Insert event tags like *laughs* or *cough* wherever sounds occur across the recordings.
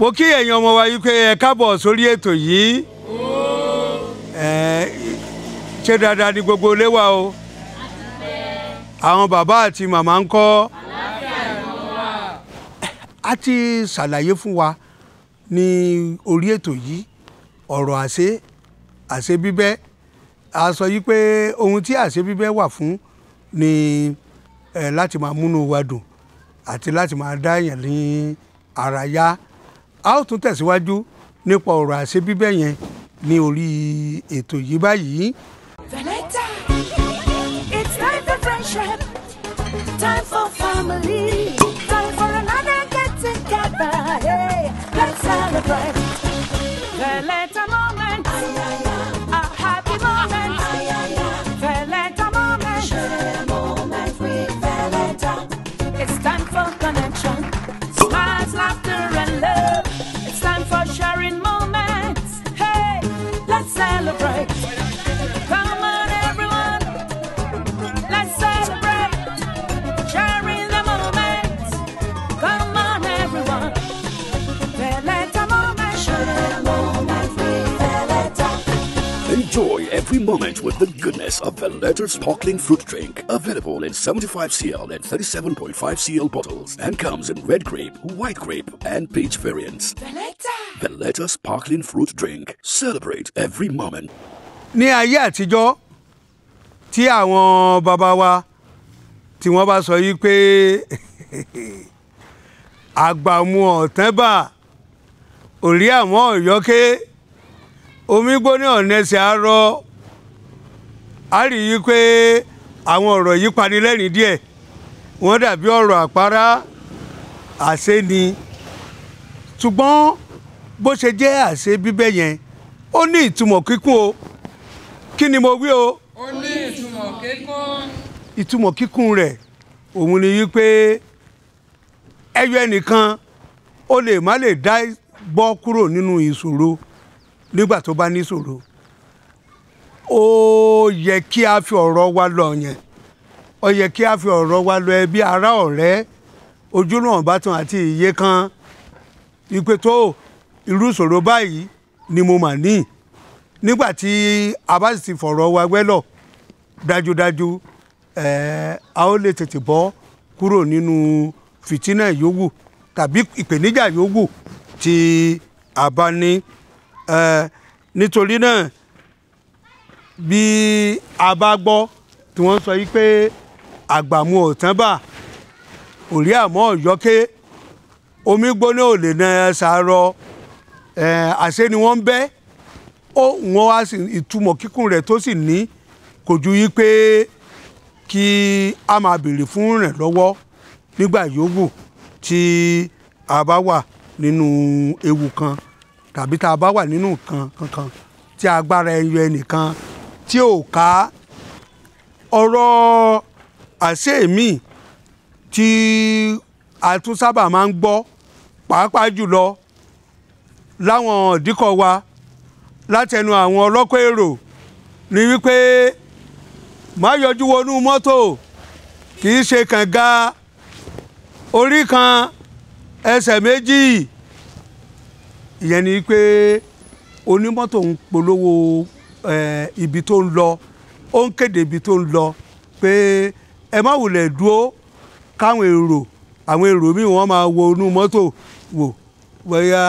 mo kí ẹ̀yin ọmọ wa yìí pé ẹ káàbọ̀ sórí ètò yìí ṣé dáadáa ni gbogbo ilé wa o àwọn bàbá àti màmá ń kọ́ a ti ṣàlàyé fún wa ní orí ètò yìí ọ̀rọ̀ àṣẹ àṣẹ bíbẹ́ a sọ yìí pé ohun tí àṣẹ bíbẹ́ wà fún ni láti máa múnú wa dùn àti láti máa dá èèyàn ní ara yá a ó tún tẹ̀síwájú nípa ọ̀rọ̀ àṣebíbẹ̀ yẹn ní orí ètò yìí báyìí. it's time for friendship, time for family, time for another get together. Hey, let's celebrate. Veleta moment, a happy moment. Veleta moment, share a with Veleta. It's time for connection. Enjoy every moment with the goodness of Valletta Sparkling Fruit Drink. Available in 75cl and 37.5cl bottles and comes in red grape, white grape, and peach variants. Valletta. the latest sparkling fruit drink. Celebrate every moment. Ní ayé àtijọ́ tí àwọn bàbá wa tí wọ́n bá sọ yìí pé *laughs* àgbàmu ọ̀tán bà òrí àwọn ọ̀yọ́kẹ́ omi gbóná ọ̀nẹ́sẹ̀ àárọ̀ a rí i pé àwọn ọ̀rọ̀ yìí pani lẹ́rìn díẹ̀ wọ́n dàbí ọ̀rọ̀ àpárá àṣẹ ni ṣùgbọ́n bó ṣe jẹ́ àṣẹ bíbẹ́ yẹn ó ní ìtumọ̀ kíkún o kí ni mo wí o. ó ní ìtumọ̀ kíkún. ìtumọ̀ kíkún rẹ̀ òun ni wípé ẹyọ ẹnìkan ó lè má lè dá bọ́ kúrò nínú ìṣòro nígbà tó bá níṣòro ó yẹ kí a fi ọ̀rọ̀ wa lọ yẹn ó yẹ kí a fi ọ̀rọ̀ wa lọ ẹbí ará ọ̀rẹ́ ojúlọ̀ ọ̀bátan àti ìyè kan ìpè irú ìṣòro báyìí ni mo mà ní nígbà tí a bá sì fọ̀rọ̀ wa wẹ́lọ̀ dájúdájú ẹ̀ẹ́ a ó lè tètè bọ́ kúrò nínú fìtínà yòówù tàbí ìpèníjà yòówù tí a bá ní ẹ̀ẹ́ nítorí náà bí a bá gbọ́ tí wọ́n sọ yìí pé àgbàmu ọ̀tán bà òrí àmọ́ ọ̀yọ́ké omi gbóná ò lè na ẹ̀ sàárọ̀ àṣẹ ni wọ́n ń bẹ́ ó wọ́n wá sí ìtumọ̀ kíkún rẹ̀ tó sì ní kò ju yí pé kí a máa béèrè fún ìrànlọ́wọ́ nígbà yòówù tí a bá wà nínú ewu kan tàbí tá a bá wà nínú nǹkan kankan tí agbára ẹyọ ẹnìkan tí ò ká ọ̀rọ̀ àṣẹ mi tí a tún sábà máa ń gbọ́ pàápàá jùlọ láwọn ìdíkọ̀ wa látẹnu àwọn ọlọ́kọ̀ èrò ni wípé má yọjú wọnú mọ́tò kì í ṣe kànga orí kan ẹsẹ̀ méjì ìyẹn ni pé onímọ́tò ń polówó ibi tó ń lọ ó ń kéde ibi tó ń lọ pé ẹ má wulẹ̀ dúró káwọn èrò àwọn èrò míì wọ́n máa wo inú mọ́tò wò wẹ́yà.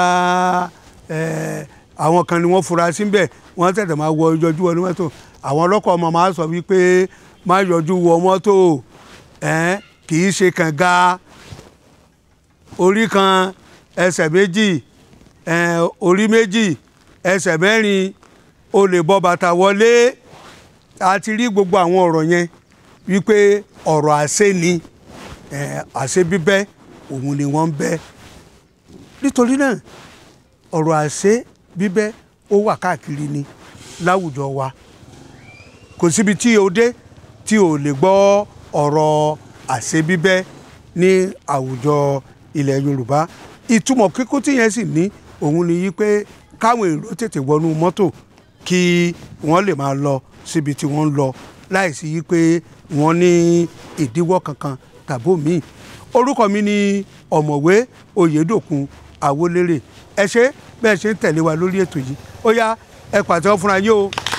Eh, àwọn kan ni wọ́n fura sí bẹ́ẹ̀ wọ́n tẹ̀tẹ̀ máa wọ yọjú wọnú mọ́tò àwọn ọlọ́kọ̀ ọmọ máa sọ wípé má yọjú wọ mọ́tò kì í ṣe kànga orí kan ẹsẹ̀ méjì orí méjì ẹsẹ̀ mẹ́rin o lè bọ́ bàtà wọlé a ti rí gbogbo àwọn ọ̀rọ̀ yẹn wípé ọ̀rọ̀ àṣẹ ni àṣẹ bíbẹ́ òun ni wọ́n ń bẹ́ nítorí náà ọ̀rọ̀ àṣẹ bíbẹ́ ó wà káàkiri ni láwùjọ wa kò síbi tí o dé tí o lè gbọ́ ọ̀rọ̀ àṣẹ bíbẹ́ ní àwùjọ ilẹ̀ Yorùbá ìtumọ̀ kíkún tí yẹn sì ní òun ni yí pé káwọn èrò tètè wọnú mọ́tò kí wọ́n lè máa lọ síbi tí wọ́n ń lọ láìsí yí pé wọ́n ní ìdíwọ́ kankan tàbó míì orúkọ mi ni ọ̀mọ̀wé Oyèdòkun àwolérè ẹ ṣe bẹ́ẹ̀ ṣe ń tẹ̀lé wa lórí ètò yìí ó yá ẹ pàtẹ́wọ́ fúnra yín o.